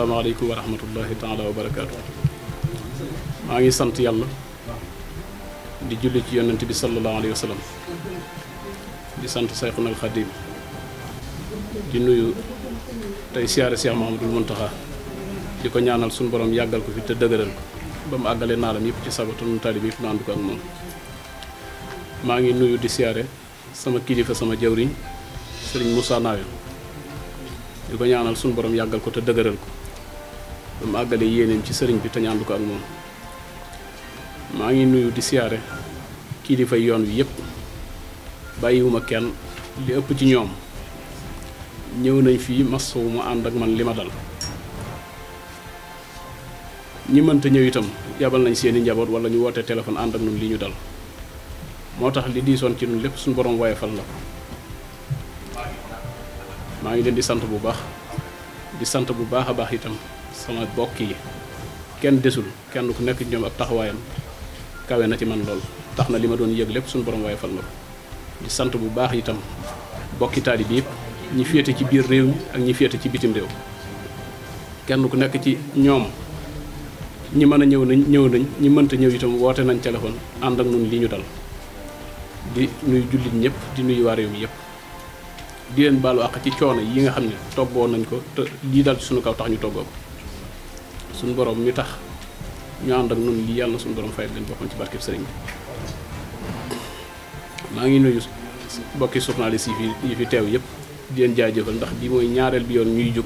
asalaamaaleykum wa rahmatullahi taala wa barakaatu. maa ngi sant yàlla di julli ci yonent bi sallallahu alayhi wa sallam di sant Sayxunal Xadim di nuyu tey siyaare Seex Mahamadul Muntaxa di ko ñaanal suñu borom yàggal ko fi te dëgëral ko ba mu àggale naalam yëpp ci sabatun taalib yëpp naandu ko ak maa ngi nuyu di sama kilifa sama jawriñ sëriñ Moussa ko ñaanal suñu borom yàggal ko te dëgëral ko ba mu àggale yéeneem ci sëriñ bi te ñaandu ko ak moom maa ngi nuyu di siyaare fay yoon wi yépp bàyyiwuma kenn li ëpp ci ñoom ñëw nañ fii masawu mu ànd ak man li ma dal ñi mënta ñëw itam yabal nañ seeni njaboot wala ñu woote téléphone ànd ak ñun li ñu dal moo tax li diisoon ci ñun lépp suñu borom woyofal na ko maa ngi leen di sant bu baax di sant bu baax a baax itam sama bokk yi kenn desul kenn ku nekk ñoom ak taxawaayam kawe na ci man lool tax na li ma doon yëg lépp suñu borom waaye fal na ko di sant bu baax itam bokki taalibe yëpp ñi féete ci biir réew mi ak ñi féete ci bitim réew kenn ku nekk ci ñoom ñi mën a ñëw nañ ñëw nañ ñi mënta ñëw itam woote nañ téléphone ànd ak ñun li ñu dal di nuy jullit ñëpp di nuyu waa réew mi yëpp di leen baalu àq ci coono yi nga xam ne toggoo nañ ko te lii dal suñu kaw tax ñu toggoo suñu borom mi tax ñu ànd ak noonu lii yàlla na suñu borom fayal leen boppam ci barkeb sëriñ bi maa ngi nuyu bokki journaliste yi fi yi fi teew yëpp di leen jaajëfal ndax bi mooy ñaareel bi yoon ñuy jóg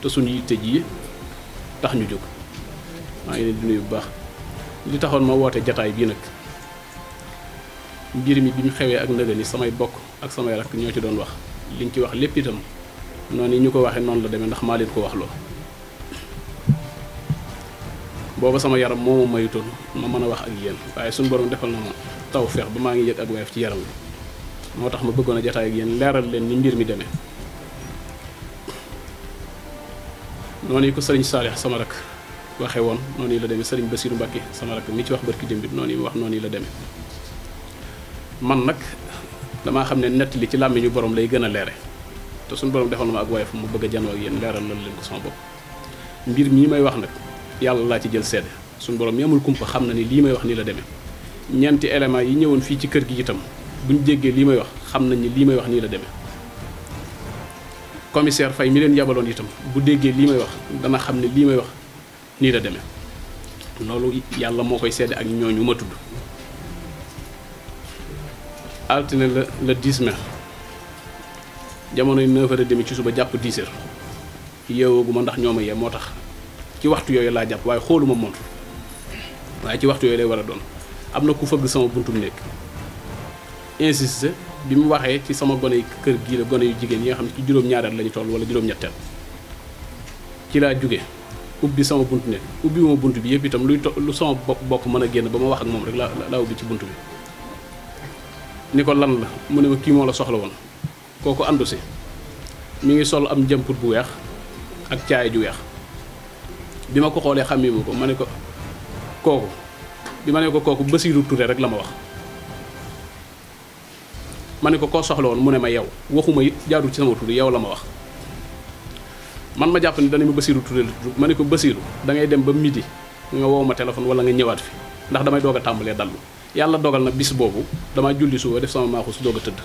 te suñu yitte ji tax ñu jóg maa ngi leen di nuyu bu baax li taxoon ma woote jataay bii nag mbir mi bi ñu xewee ak ndëgë ni samay bokk ak samay rakk ñoo ci doon wax liñ ci wax lépp itam noonu yi ñu ko waxee noonu la demee ndax maa leen ko wax loolu booba sama yaram moo ma mayutoon ma mën a wax ak yéen waaye suñu borom defal na ma taw feex ba maa ngi yëg ak woyof ci yaram bi moo tax ma bëggoon a jotaay ak yéen leeral ni mbir mi demee. noonu yi ko sëriñ Saalix sama rakk waxee woon noonu la demee sëriñ Basiiru Mbàkke sama rakk mi ci wax barki démb bi noonu mu wax noonu la demee nag damaa xam ne nettali ci làmmiñu borom lay gën a leere te suñu borom defal na ma ak woyof mu bëgg a yéen leeral lan leen ko sama bopp mbir mii may wax nag. yàlla laa ci jël seede suñu borom mi amul xam na ni lii may wax nii la demee ñeenti éléments yi ñëwoon fii ci kër gi itam buñ jéggee lii may wax xam nañ ni lii may wax nii la demee commissaire fay mi leen yabaloon itam bu déggee lii may wax dana xam ne lii may wax nii la deme loolu yàlla moo koy seede ak ñooñu ma tudd altine la le 10 mai jamonoy 9h30 ci suba jàpp 10h ma ndax ñooma ma moo tax ci waxtu yooyu laa jàpp waaye xooluma montre waaye ci waxtu yooyu lay war a doon am na ku fëgg sama bu nekk insiste bi mu waxee ci sama gone kër gii la gone yu jigéen yi nga xam ne ci juróom-ñaareel lañu toll wala juróom-ñetteel ci laa jóge ubbi sama bunt nekk ubbi ma bunt bi yëpp itam luy to lu sama bokk mën a génn ba ma wax ak moom rek la laa ubbi ci bunt bi ni ko lan la mu ne ma kii moo la soxla woon kooku àndu mu ngi sol am jëmput bu weex ak caay ju weex bi ma ko xoolee xàmmee ma ko ma ne ko kooku bi ma ne ko kooku Basiiru Ture rek la ma wax ma ne ko koo soxla woon mu ne ma yow waxuma it jaarul ci sama tur yow la ma wax man ma jàpp ne dana ma Basiiru Ture la tudd ma ne ko Basiiru da ngay dem ba midi nga woo ma téléphone wala nga ñëwaat fi ndax damay doog a tàmbalee dallu yàlla dogal na bis boobu damaa julli suba def sama maaxus doog a tëdd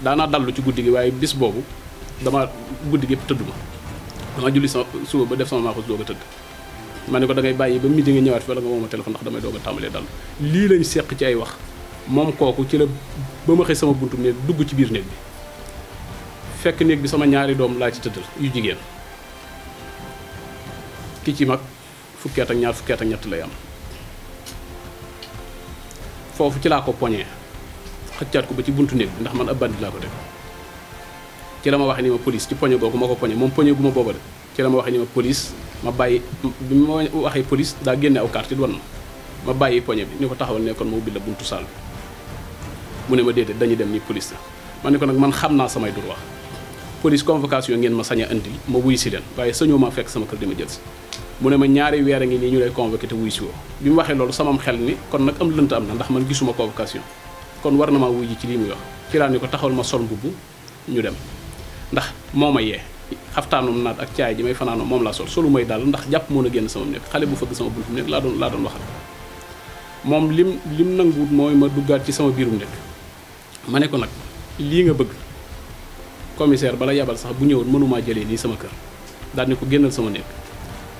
daanaa dallu ci guddi gi waaye bis boobu dama guddi gi tëdd ma dama julli sama suba ba def sama maaxus doog a tëdd ma ne ko da ngay bàyyi ba midi nga ñëwaat fi wala nga woo ma téléphone ndax damay doog a tàmbalee dal lii lañu seq ci ay wax moom kooku ci la ba ma xëy sama buntu néeg dugg ci biir néeg bi fekk néeg bi sama ñaari doom laa ci tëddal yu jigéen ki ci mag fukkeet ak ñaar fukkeet ak ñett lay am foofu ci laa ko poñee xëccaat ko ba ci buntu néeg bi ndax man ab bandi laa ko teg ci la ma wax ni ma police ci poñe googu ma ko poñe moom poñe gu ma booba ci la ma wax ni ma police ma bàyyi bi ma waxee police daa génne aw carte wan ma bàyyi poñe bi ni ko taxawal nekkoon ma ubbi buntu saal mu ne ma déedéet dañuy dem ni police la ne ko nag man xam naa samay dur wax police convocation ngeen ma sañ a andil ma wuy si leen waaye sañoo ma fekk sama kër ma jël si mu ma ñaari weer a ngi nii ñu lay convoqué te wuy si woo bi mu waxee loolu samam xel ni kon nag am lënt am na ndax man gisuma convocation kon war na maa wuy ji lii muy wax ci ko taxawal ma sol mbubb ñu dem ndax moom ma yee xaftaanum naat ak caay ji may fanaanoo moom laa sol solu may daal ndax jàpp moo na génn sama nekk xale bu fëgg sama laa doon laa doon waxal moom lim lim nanguwut mooy ma duggaat ci sama biirum nekk ma ne ko nag lii nga bëgg commissaire bala yabal sax bu ñëwoon mënumaa jëlee nii sama kër daal ko génnal sama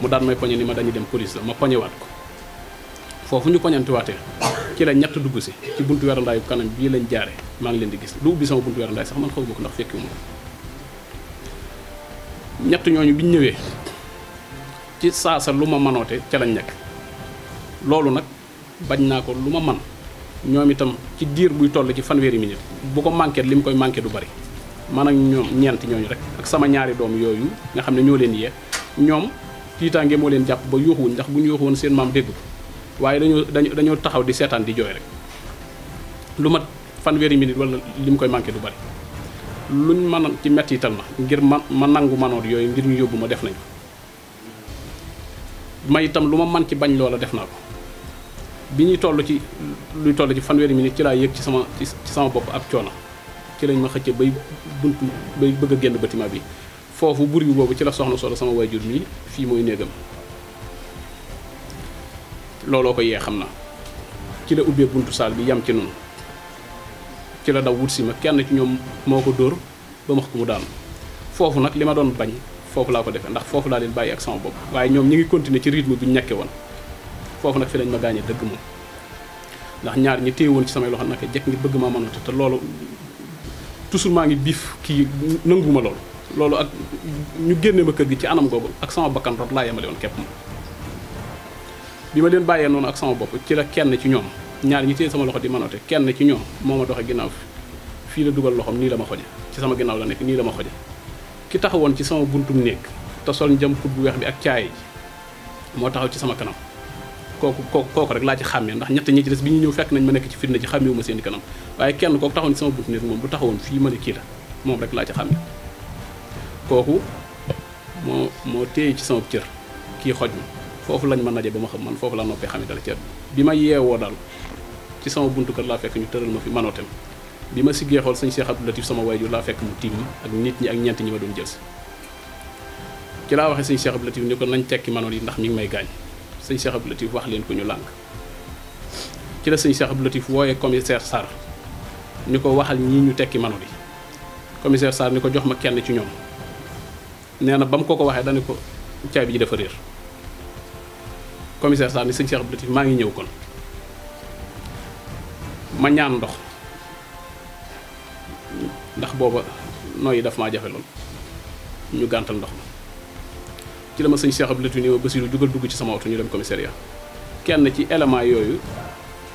mu daan may poñe ni ma dañuy dem police ma poñewaat ko foofu ñu poñantiwaatee ci la ñett dugg si ci buntu werandaayu kanam bii lañ jaare maa ngi leen di gis lu ubbi sama buntu werandaay sax man xaw ma ko ndax fekkiwu ma ñett ñooñu bi ñu ñëwee ci saasa lu ma mënoote ca la nekk loolu nag bañ naa ko lu ma man ñoom itam ci diir buy toll ci fanweeri minute bu ko manqué li mu koy manqué du bari man ak ñoom ñeenti ñooñu rek ak sama ñaari doom yooyu nga xam ne ñoo leen yee ñoom tiitaange moo leen jàpp ba yuuxuwuñ ndax bu ñu yuuxuwoon seen maam dégg ko waaye dañoo dañoo dañoo taxaw di seetaan di jooy rek lu mat fanweeri minute wala li mu koy manqué du bari luñ mën ci mettital ma ngir ma ma nangu manoot yooyu ngir ñu yóbbu ma def nañ ko may itam lu ma man ci bañ loola def naa ko bi ñuy toll ci luy toll ci fanweeri minute ci laa yëg ci sama ci sama bopp ab coono ci lañ ma xëcce bay buntu bay bëgg a génn bâtiment bi foofu buri boobu ci la soxna solo sama waajur mi fii mooy néegam looloo ko yee xam na ci la ubbee buntu saal bi yam ci noonu ci la daw wut si ma kenn ci ñoom moo ko dóor ba max ko mu daanu foofu nag li ma doon bañ foofu laa ko defee ndax foofu laa leen bàyyi ak sama bopp waaye ñoom ñi ngi continuer ci rythme bi ñu ñàkkee woon foofu nag fi lañ ma gaañee dëgg ma ndax ñaar ñi téye woon ci samay loxo naka jekk ngir bëgg ma mënatu te loolu toujours maa ngi biif kii nanguma loolu loolu ak ñu génnee ma kër gi ci anam googu ak sama bakkan rot laa yemale woon képp ma bi ma leen bàyyee noonu ak sama bopp ci kenn ci ñoom ñaar ñi téye sama loxo di manote kenn ci ñoom moo ma doxe ginnaaw fi fii la dugal loxoom nii la ma xoje ci sama ginnaaw la nekk nii dama ma xoje ki taxawoon ci sama buntum néeg te sol njam kut bu weex bi ak caay ji moo taxaw ci sama kanam kooku kooku kooku rek laa ci xàmmee ndax ñett ñi ci des bi ñu ñëw fekk nañ ma nekk ci fitna ci xàmmeewu ma i kanam waaye kenn kooku taxawoon ci sama buntum néeg moom bu taxawoon fii ma ne kii la moom rek laa ci xàmmee kooku moo moo ci sama cër kii xoj ma foofu lañ ma naje ba ma xam man foofu laa noppee xam ne dala cër bi ma yeewoo daal ci sama buntu kër laa fekk ñu tëral ma fi manotem bi ma siggee xool sëñ Cheikh Abdou Latif sama waajur laa fekk mu tiim ak nit ñi ak ñeent ñi ma doon jël si ci laa waxee sëñ Cheikh Abdou Latif ni ko nañ tekki manoon yi ndax mi ngi may gaañ sëñ Cheikh Abdou Latif wax leen ko ñu lànk ci la sëñ Cheikh Abdou Latif wooyee commissaire Sarr ni ko waxal ñii ñu tekki manoon yi commissaire Sarr ni ko jox ma kenn ci ñoom nee na ba mu ko ko waxee dani ko caabi ji dafa réer commissaire Sarr ni sëñ Cheikh Abdou maa ngi ñëw kon ma ñaan ndox ndax booba nooyi daf maa jafe lool ñu gàntal ndox ma ci la ma sëñ Cheikh Abdou Latif ni ma Basiru jugal dugg ci sama oto ñu dem commissariat kenn ci élément yooyu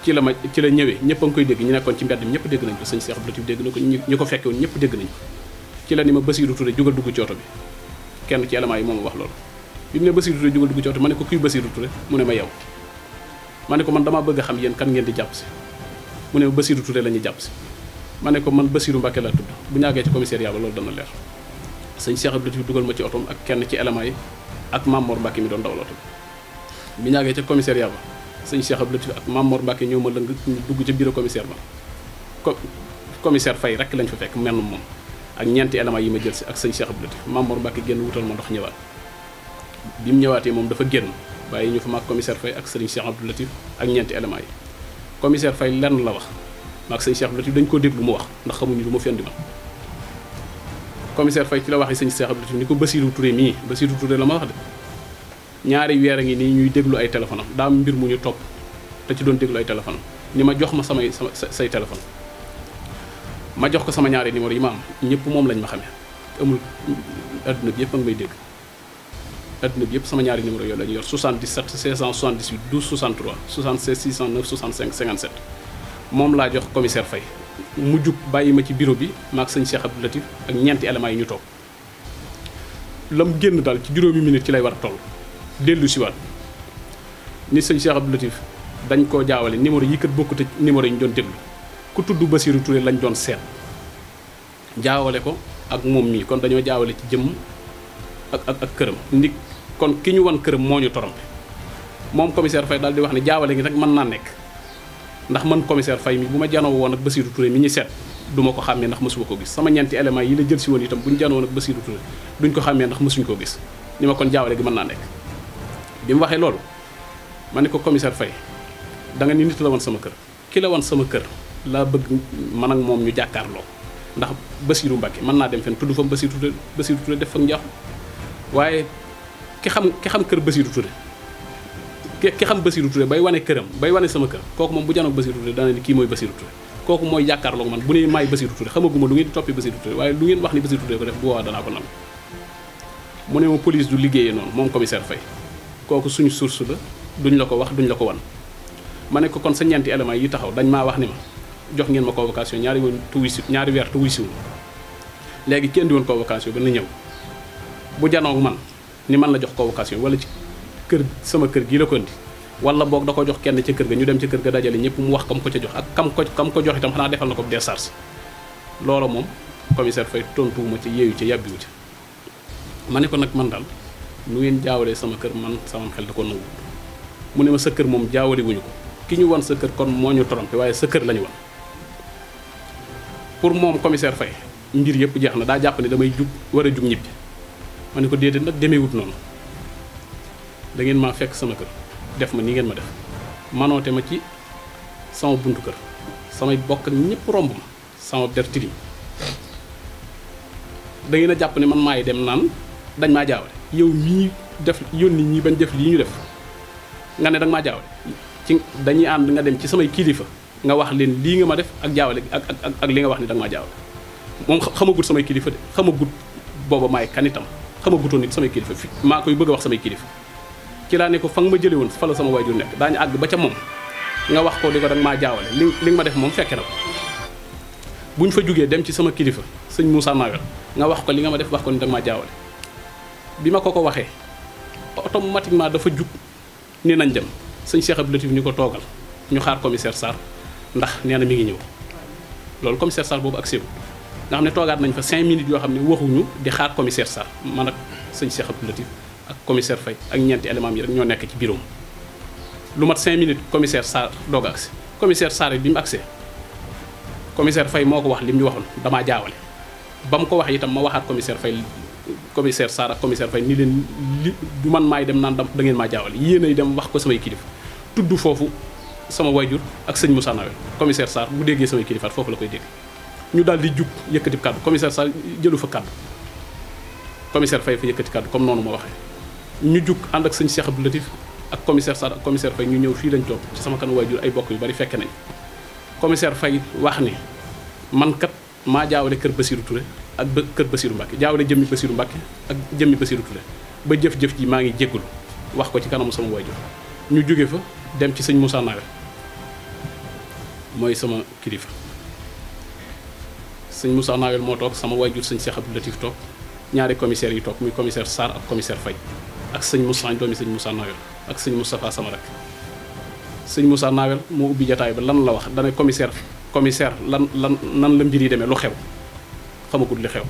ci la ma ci la ñëwee ñëpp a ngi koy dégg ñu nekkoon ci mbedd mi ñëpp dégg nañ ko sëñ Cheikh Abdou Latif dégg na ko ñu ko fekke ñëpp dégg nañ ko ci la ni ma Basiru Touré jugal dugg cooto oto bi kenn ci élément yi moom wax loolu bi mu ne Basiru Touré jugal dugg ci oto ma ne ko kuy Basiru ture mu ne ma yow ma ne ko man damaa bëgg xam yéen kan ngeen di jàpp si mu ne Basirou Touré la ñuy jàpp si ma ne ko man Basirou Mbacke laa tudd bu ñaagee ci commissariat ba loolu dana leer sëñ Cheikh Abdou Latif dugal ma ci otom ak kenn ci éléments yi ak Mamor Mbacke mi doon dawloote bu ñaagee ca commissariat ba sëñ Cheikh Abdou Latif ak Mamor Mbacke ñoo ma lëng ñu dugg ca bureau commissaire ba co commissaire Faye rek lañ fa fekk menn moom ak ñeenti éléments yi ma jël si ak sëñ Cheikh Abdou Latif Mamor Mbacke génn wutal ma ndox ñëwaat bi mu ñëwaatee moom dafa génn bàyyi ñu fa maag commissaire Faye ak sëriñ Cheikh Abdou Latif ak ñeenti éléments yi commissaire fay lenn la wax maag sëñ Cheikh Abdou dañ koo déglu mu wax ndax xamuñu lu ma fi andi ma commissaire Faye ci la waxee sëñ Cheikh Abdou ni ko Basirou Touré mii Basirou Touré la ma wax de ñaari weer a ngi nii ñuy déglu ay téléphone am daa mbir mu ñu topp te ci doon déglu ay téléphone ni ma jox ma samay sa say téléphone ma jox ko sama ñaari numéro yi ma am ñëpp moom lañ ma xamee amul àdduna bi yëpp a ngi may dégg adduna bi yëpp sama ñaari numéro yooyu la ñu yor 77 678 12 63 76 609 65 57 moom laa jox commissaire Faye mu jug bàyyi ma ci biro bi maag sëñ Cheikh Abdou Latif ak ñeenti éléments yi ñu toog lam génn daal ci juróomi minute ci lay war a toll dellu siwaat ni sëñ Cheikh Abdou Latif dañ koo jaawale numéro yi kat bokkute numéro yi ñu doon déglu ku tudd Basirou Touré lañ doon seet jaawale ko ak moom mii kon dañoo jaawale ci jëmm ak ak ak këram ndik kon ki ñu wan këram moo ñu torompe moom commissaire Faye daal di wax ne jaawale gi nag mën naa nekk ndax man commissaire fay mi bu ma janoo woon ak Basirou Touré mi ñu seet du ma ko xàmmee ndax mësuma ko gis sama ñeenti éléments yi la jël si woon itam bu ñu janoo woon ak Basirou Touré ko xàmmee ndax mësuñ ko gis ni ma kon jaawale gi mën naa nekk bi mu waxee loolu ma ne ko commissaire fay da nga ni nit la woon sama kër ki la woon sama kër laa bëgg man ak moom ñu jàkkaarloo ndax Basirou Mbacke mën naa dem fen tudd fa Basirou Touré Basirou Touré def fa njaaxu waaye ki xam ki xam kër Bassirou Touré ki xam Bassirou Touré bay wane këram bay wane sama kër kooku moom bu janoog Bassirou Touré dana ni kii mooy Bassirou Touré kooku mooy jàkkaarloo man bu ne maay Bassirou Touré xamaguma lu ngeen di toppee Bassirou Touré waaye lu ngeen wax ni Bassirou Touré ko def bu boobaa danaa ko nam mu ne ma police du liggéeye noonu moom commissaire Faye kooku suñu source la duñu la ko wax duñu la ko wan ma ne ko kon sa ñeenti éléments yi taxaw dañ maa wax ni ma jox ngeen ma convocation ñaari woon tuuti ñaari weer tuuti léegi kenn di woon convocation ba na bu janoog man ni man la jox convocation wala ci kër sama kër gii la ko indi wala boog da ko jox kenn ca kër ga ñu dem ca kër ga dajale ñëpp mu wax kam ko ca jox ak kam ko kam ko jox itam xanaa defal na ko décharge loola moom commissaire Faye tontuwuma ci yeeyu ca yàbbiwu ca ma ne ko nag man daal nu ngeen jaawalee sama kër man sama xel da mu ne ma sa kër moom jaawale wuñu ko ki ñu wan sa kër kon moo ñu trompé waaye sa kër la ñu pour moom commissaire Faye mbir yëpp jeex na daa jàpp ne damay jug war a jug ñibbi ma ne ko déedéet nag demeewut noonu dangeen ngeen maa fekk sama kër def ma ni ngeen ma def manoote ma ci sama buntu kër samay bokk ñëpp romb ma sama der dangeen a jàpp ne man maay dem naan dañ maa jaawale yow mii def yoon yónni ñi bañ def lii ñu def nga ne danga maa jaawale ci dañuy ànd nga dem ci samay kilifa nga wax leen lii nga ma def ak jaawale ak ak li nga wax ni danga maa jaawale moom xamagut samay kilifa de xamagut booba maay kan itam xamagutoon it samay kilifa fi maa koy bëgg a wax samay kilifa ci laa ne ko fa nga ma jëlee woon fa la sama waajur nekk daañu àgg ba ca moom nga wax ko di ko danga maa jaawale li li nga ma def moom fekke na ko bu ñu fa jógee dem ci sama kilifa sëñ Moussa Nawel nga wax ko li nga ma def wax ko ni danga maa jaawale bi ma ko ko waxee automatiquement dafa jug ni nañ dem sëñ Cheikh Abdou Latif ni ko toogal ñu xaar commissaire Sarr ndax nee na mi ngi ñëw loolu commissaire Sarr boobu ak nga xam ne toogaat nañ fa cinq minutes yoo xam ne waxuñu di xaar commissaire Sarr man ak sëñ Cheikh Abdou Latif ak commissaire Faye ak ñeenti élément yi rek ñoo nekk ci bureau lu mat cinq minutes commissaire Sarr doog a agsi commissaire Sarr bi mu agsee commissaire moo ko wax li mu waxoon damaa jaawale ba mu ko wax itam ma waxaat commissaire Faye commissaire Sarr ak commissaire Faye ni leen li man maay dem naan da ngeen maa jaawale yéenay dem wax ko samay kilifa tudd foofu sama wayjur ak sëñ Moussa Nawel commissaire Sarr bu déggee samay kilifaat foofu la koy dégg ñu daal di jug yëkkati kàddu commissaire Sall jëlu fa kàddu commissaire Faye fa yëkkati kàddu comme noonu ma waxee ñu jug ànd ak sëñ Cheikh Abdou Latif ak commissaire Sall ak commissaire ñu ñëw fii lañ toog ci sama kanam waajur ay bokk yu bari fekk nañ commissaire Faye wax ni mankat kat maa jaawale kër Basirou Touré ak ba kër Basirou Mbacke jaawale jëmmi Basirou Mbacke ak jëmmi Basirou Touré ba jëf-jëf ji maa ngi jéggul wax ko ci kanamu sama waajur ñu jóge fa dem ci sëñ Moussa Nawe mooy sama kilifa sëñ Moussa Nawel moo toog sama waajur sëñ Cheikh Abdou Latif toog ñaari commissaires yi toog muy commissaire Sarr ak commissaire Faye ak sëñ Moussa doomi sëñ Moussa Nawel ak sëñ Moustapha sama rak sëñ Moussa Nawel moo ubbi jataay ba lan la wax dana commissaire commissaire lan lan nan la mbir demee lu xew xamagul li xew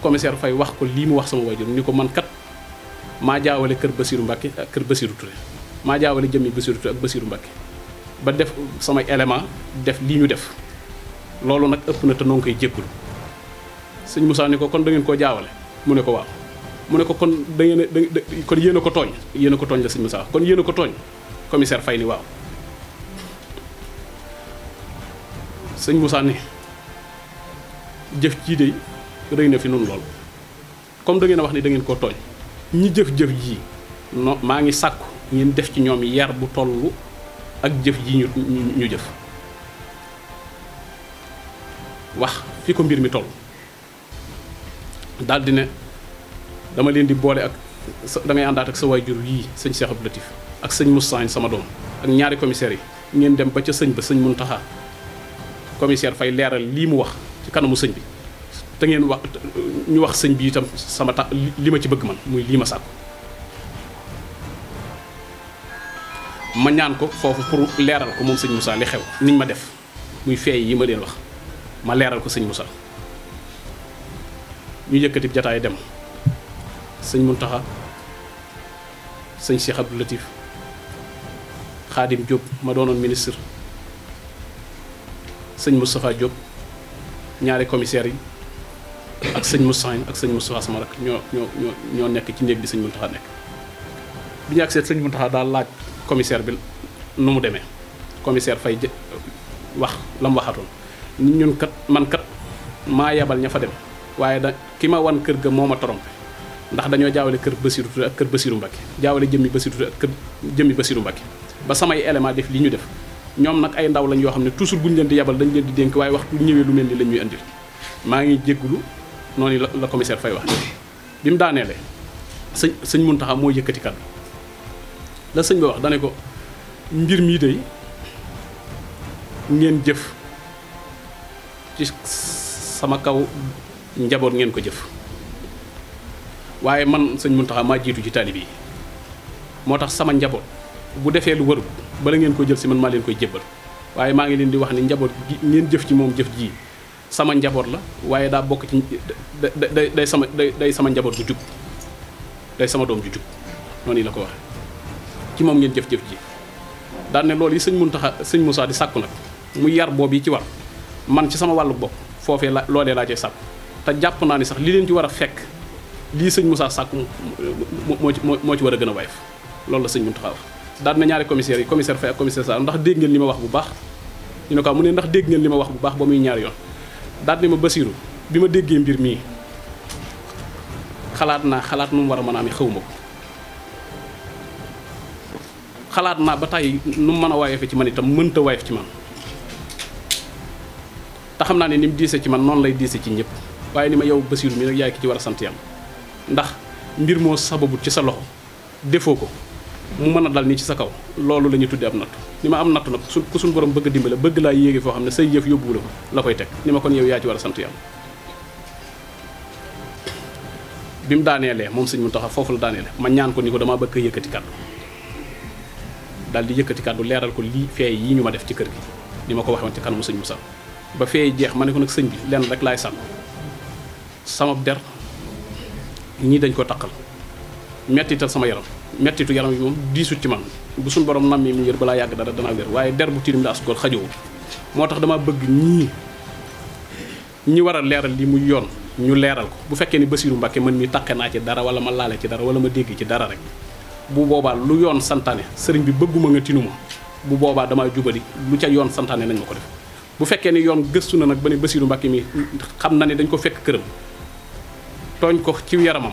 commissaire wax ko lii mu wax sama waajur ni ko man kat maa jaawale kër basiiru Mbacke ak kër Basirou Touré maa jaawale jëmmi Basirou Touré ak Basirou Mbacke ba def samay élément def lii ñu def loolu nag ëpp na te noo ngi koy jéggul sëñ Moussa ni ko kon dangeen koo jaawale mu ne ko waaw mu ne ko kon da ngeen kon yéen ko tooñ yéen a ko tooñ la kon yéen ko tooñ commissaire Faye waaw sëñ Moussa ni jëf jii de rëy na fi noonu lool comme da ngeen wax ni da ngeen koo tooñ ñi jëf-jëf jii no maa ngi sàkku ngeen def ci ñoom yar bu tollu ak jëf ji ñu ñu jëf wax fi ko mbir mi toll daal di ne dama leen di boole ak sa da ngay àndaat ak sa waajur yii sëñ Cheikh Abdou Latif ak sëñ Moussa sama doom ak ñaari commissaires yi ngeen dem ba ca sëñ ba sëñ taxa commissaire fay leeral lii mu wax ci kanamu sëñ bi te ngeen wax ñu wax sëñ bi itam sama ta li ma ci bëgg man muy lii ma sàkku ma ñaan ko foofu pour leeral ko moom sëñ musaa li xew niñ ma def muy feey yi ma leen wax ma leeral ko sëñ Moussa ñu yëkkati jataay dem sëñ Mountakha sëñ Cheikh Abdou Latif Khadim Diop ma doonoon ministre sëñ Moustapha Diop ñaari commissaires yi ak sëñ Moustapha ak sëñ Moustapha sama rak ñoo ñoo ñoo ñoo nekk ci néeg bi sëñ taxa nekk bi ñu agsee sëñ Mountakha daal laaj commissaire bi nu mu demee commissaire fay wax la waxatoon ñun kat man kat maa yabal ña fa dem waaye da ki ma wan kër ga moom ma trompé ndax dañoo jaawale kër Bassirou Touré kër Bassirou Mbacké jaawale jëmmi Bassirou Touré ak kër ba samay élément def li ñu def ñoom nag ay ndaw lañ yoo xam ne toujours bu ñu leen di yebal dañ leen di dénk waaye waxtu ñëwee lu mel ni la ñuy andil maa ngi jéggulu noonu la la commissaire Faye wax bi mu daaneele sëñ sëñ Mountakha moo yëkkati kàddu la sëñ ba wax dane ko mbir mii day ngeen jëf ci sama kaw njaboot ngeen ko jëf waaye man sëñ Muntaxa maa jiitu ci taalib yi moo tax sama njaboot bu defee lu warut bala ngeen ko jël si man maa leen koy jébbal waaye maa ngi leen di wax ne njaboot gi ngeen jëf ci moom jëf jii sama njaboot la waaye daa bokk ci day day sama day sama njaboot ju jub day sama doom ju jub noonu la ko waxee ci moom ngeen jëf-jëf ji daan lool loolu yi sëñ Muntaxa sëñ Moussa di sàkku nag mu yar boobu yi ci war man ci sama wàllu bopp foofee la loolee laa cay te jàpp naa ni sax li leen ci war a fekk lii sëñ Moussa sàkku moo ci moo ci war a gën a woyof loolu la sëñ Mountakha wax daan na ñaari commissaires yi commissaire Faye ak commissaire Sarr ndax dégg baax ñu ko mu ndax dégg ngeen li ma wax bu baax ba muy ñaari yoon daan ne ma bi ma déggee mbir mii xalaat naa xalaat nu war a mën a amee xaw ma ko naa ba tey nu mu mën a woyofee ci man itam mënta woyof ci man te xam naa ne ni mu diise ci man noonu lay diise ci ñëpp waaye ni ma yow Basiiru mi nag yaay ki ci war a sant yàlla ndax mbir moo sababu ci sa loxo defoo ko mu mën a dal nii ci sa kaw loolu lañu ñuy tudde am nattu ni ma am nattu nag su ku suñ borom bëgg a dimbale bëgg laa yéegi foo xam ne say yëf yóbbuwula ko la koy teg ni ma kon yow yaa ci war a sant yàlla bi mu daaneelee moom sëñ mu Muntaxa foofu la daaneele ma ñaan ko ni ko damaa bëgg a yëkkati kàddu daal di yëkkati kàddu leeral ko lii fee yi ñu ma def ci kër gi ni ma ko waxee ci kanamu sëñ Musaa ba fee jeex ma ne ko nag sëñ bi lenn rek laay sàmm sama der ñii dañ ko taqal mettital sama yaram mettitu yaram yi moom diisut ci man bu suñ borom nam mi mu ngir balaa yàgg dara danaa wér waaye der bu tilim la asukol xajowul moo tax dama bëgg ñii ñi war a leeral li muy yoon ñu leeral ko bu fekkee ni Basiiru mbakke mën mi taqe naa ci dara wala ma laale ci dara wala ma dégg ci dara rek bu boobaa lu yoon santaane sëriñ bi bëgguma nga tinuma bu boobaa damaa jubali lu ca yoon santaane nañ ma ko def bu fekkee ni yoon gëstu na nag ba ne Bassirou Mbacké mi xam na ne dañ ko fekk këram tooñ ko ci yaramam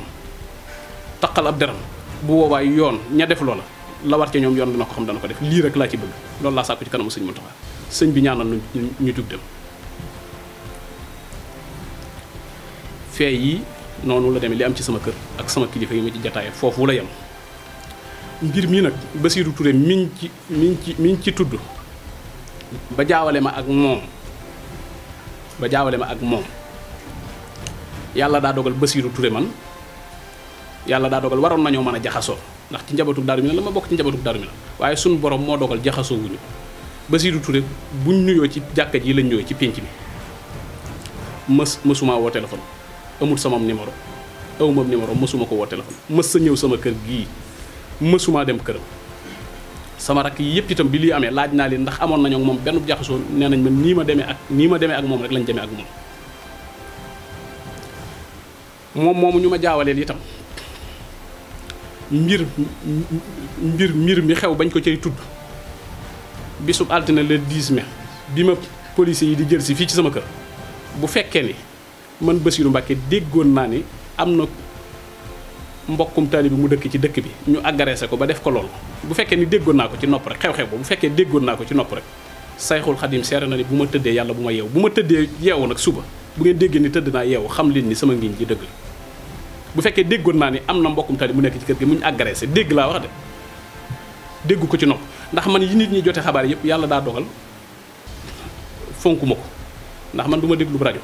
taqal ab deram bu boobaa yoon ña def loola la war ca ñoom yoon dana ko xam dana ko def lii rek laa ci bëgg loolu laa sàkku ci kanamu sëñ Mountakha sëñ bi ñaanal ñu ñu jug dem fee yi noonu la demee li am ci sama kër ak sama kilifa yi ma ci jataay foofu la yem mbir mii nag Bassirou Touré miñ ci miñ ci miñ ci tudd ba jaawale ma ak moom ba jaawale ma ak moom yàlla daa dogal Basiiru Ture man yàlla daa dogal waroon nañoo mën a jaxasoo ndax ci njabootu mi Minam la ma bokk ci njabootu Daaru Minam waaye suñ borom moo dogal jaxasoo wuñu Basiiru Ture buñ nuyoo ci jàkka ji lañ nuyoo ci pénc mi mës mësuma woo téléphone amul sama numéro awma numéro mësuma ko woo téléphone mës sa ñëw sama kër gii mësuma dem këram sama rakk yi yëpp itam bi lii amee laaj naa leen ndax amoon nañoo moom benn jaxasoo nee nañ ma nii ma demee ak nii ma demee ak moom rek lañ demee ak moom moomu ñu ma jaawaleel itam mbir mbir mbir mi xew bañ ko cay tudd bisub altine le 10 mai bi ma police yi di jël si fii ci sama kër bu fekkee ni man Bassirou Mbacké déggoon naa ni am na mbokkum taalibe bi mu dëkk ci dëkk bi ñu agressé ko ba def ko loolu bu fekkee ni déggoon naa ko ci nopp rek xew-xew ba bu fekkee ci nopp rek sayxul xadim seere na ni bu ma tëddee yàlla bu ma yeew bu ma tëddee yeewu nag suba bu ngeen déggee ni tëdd naa yeewu xam leen ni sama ngiñ ji dëgg la bu fekkee déggoon naa ni am na mbokkum taalibe mu nekk ci kër gi mu ñu agressé dégg laa wax de dégg ko ci nopp ndax man yi nit ñi jote xabaar yëpp yàlla daa dogal fonku ma ko ndax man du ma déglu rajo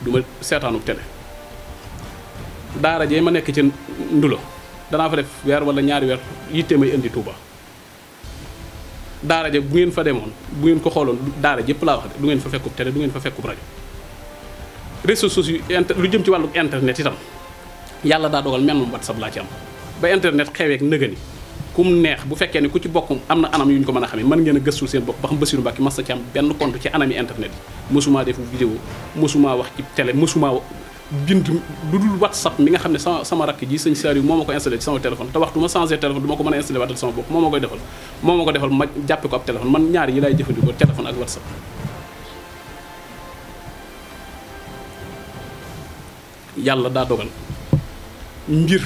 du ma seetaanu daara jee ma nekk ci ndulo danaa fa def weer wala ñaari weer yitte may indi Touba daara ja bu ngeen fa demoon bu ngeen ko xooloon daara jëpp laa wax du ngeen fa fekkub télé du ngeen fa fekkub rajo réseaux sociaux lu jëm ci wàllu internet itam yàlla daa dogal mel moom whatsapp laa ci am ba internet xeweek nëgëni kum neex bu fekkee ne ku ci bokkum am na anam yu ko mën a xame mën ngeen a gëstul seen bopp ba xam Bassirou Mbacké mas na ci am benn compte ci anami internet yi mosumaa def vidéo mosumaa wax ci télé mosumaa bind lu dul whatsapp mi nga xam ne sama sama rakk ji sëñ Saar yu moo ma ko installé ci sama téléphone te waxtu ma changé téléphone du ko mën a installé waatal sama bopp moo ma ko defal ma jàppe ko ab téléphone man ñaar yi laay ak whatsapp yàlla daa dogal mbir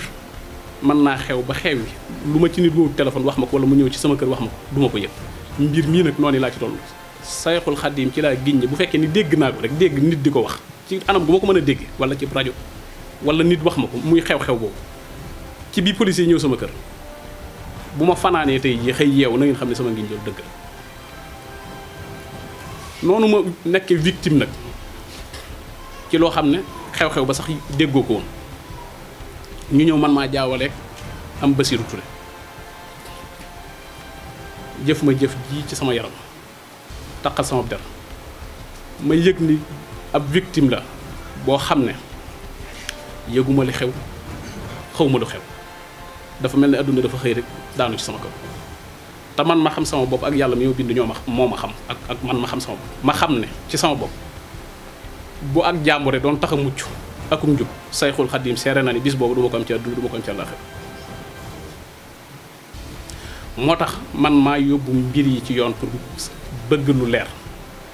mën naa xew ba xew yi lu ma ci nit woowu téléphone wax ma ko wala mu ñëw ci sama kër wax ma ko du ko yëg mbir mii nag noonu laaj ci toll sayxul xaddiim ci laa giññe bu fekkee ni dégg naa ko rek dégg nit di ko wax ci anam gu ma ko mën a dégg wala ci rajo wala nit wax ma ko muy xew-xew boobu ci biir police ñëw sama kër bu ma fanaanee tey jii xëy yeew na xam ne sama ngiñ jël dëgg noonu ma nekkee victime nag ci loo xam ne xew-xew ba sax déggoo ko woon ñu ñëw man maa jaawaleeg am Basiru Ture jëf ma jëf ji ci sama yaram taqal sama der ma yëg ni ab victime la boo xam ne yëguma lu xew xawma lu xew dafa mel ne adduna dafa xëy rek daanu ci sama kaw te man ma xam sama bopp ak yàlla mi yow bind ñoo ma moo ma xam ak ak man ma xam sama bopp ma xam ne ci sama bopp bu ak jàmbure doon tax mucc akum njub sayxul xadim seere na ni bis boobu du ma ko du ma ko am moo tax man maa yóbbu mbir yi ci yoon pour bëgg lu leer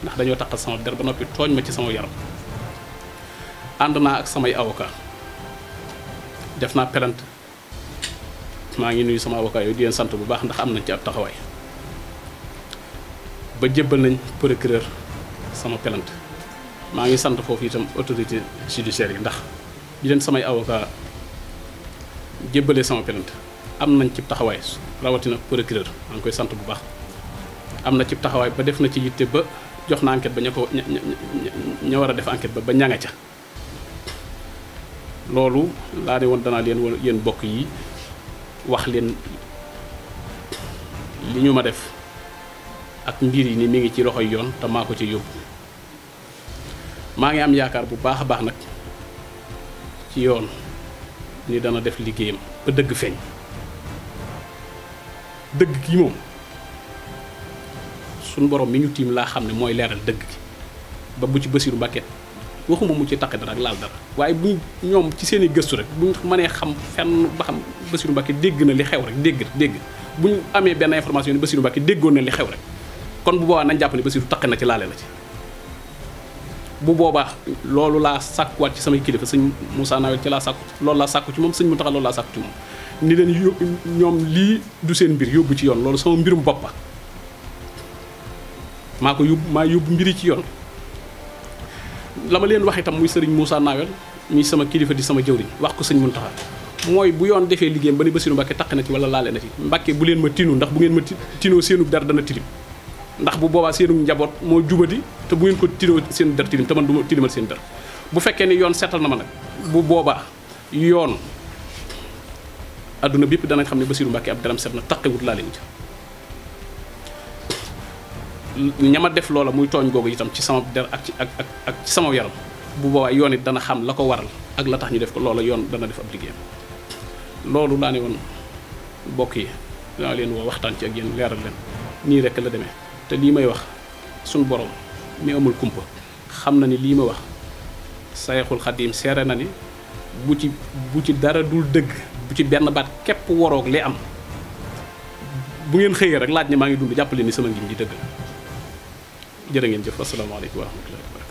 ndax dañoo taqal sama der ba noppi tooñ ma ci sama yaram ànd naa ak samay avocat def naa plainte maa ngi nuyu sama avocat yooyu di leen sant bu baax ndax am nañ ci taxawaay ba jébbal nañ procureur sama plainte maa ngi sant foofu itam autorité judiciaire yi ndax di samay avocat jébbalee sama plainte am nañ ci taxawaay rawatina procureur maa ngi koy sant bu baax am na ci taxawaay ba def na ci yitte ba jox na anket ba ña ko ña war a def enquête ba ba ñanga ca loolu laa ne woon danaa leen woon yéen bokk yi wax leen li ñu ma def ak mbir yi ni mi ngi ci loxoy yoon te ko ci yóbbu maa ngi am yaakaar bu baax a baax nag ci yoon ni dana def liggéeyam ba dëgg feeñ dëgg kii moom suñ boroom mi ñu tiim laa xam ne mooy leeral dëgg gi ba bu ci Basiru Mbàkke waxuma mu ci taqe dara ak laal dara waaye bu ñoom ci seen i gëstu rek buñ mënee xam fenn ba xam Basiru Mbàkke dégg na li xew rek dégg dégg bu ñu amee benn information ni Basiru déggoon na li xew rek kon bu boobaa nañ jàppale ne Basiru taqe na ci laale na ci bu boobaa loolu laa sàkkuwaat ci samay kilifa sëñ Moussa Nawel ci laa sàkku loolu laa sàkku ci moom sëñ mu taxal loolu laa sàkku ni leen ñoom lii du seen mbir yóbbu ci yoon loolu sama mbirum boppa maa ko yóbbu maa yóbbu mbiri ci yoon la ma leen wax itam muy sëriñ Moussa Nawel muy sama kilifa di sama jëw jëwriñ wax ko sëñ Mountakha mooy bu yoon defee liggéeyam ba ne Bassirou Mbacké taq na ci wala laale na ci Mbacké bu leen ma tinu ndax bu ngeen ma tinoo seenub dara dana tilim ndax bu boobaa seenu njaboot moo juba di te bu ngeen ko tinoo seen der tilim te man du ma tilimal seen der bu fekkee ne yoon setal na ma nag bu boobaa yoon adduna bépp danañ xam ne Bassirou Mbacké ab daram na taqewut laale ñama def loola muy tooñ googu itam ci sama der ak ci ak ak ci sama yaram bu boobaa yoon it dana xam la ko waral ak la tax ñu def ko loola yoon dana def ab liggéeyam loolu laa woon bokk yi dinaa leen woo waxtaan ci ak yéen leeral leen nii rekk la demee te lii may wax suñu boroom mi amul kumpa xam na ni lii ma wax sayxul xadiim seere na ni bu ci bu ci dara dul dëgg bu ci benn baat képp waroog li am bu ngeen xëyee rek laaj ne maa ngi dund jàppale ni sama ngiñ di dëgg jërë ngeen jëf asalaamaaleykum wa rahmatullahi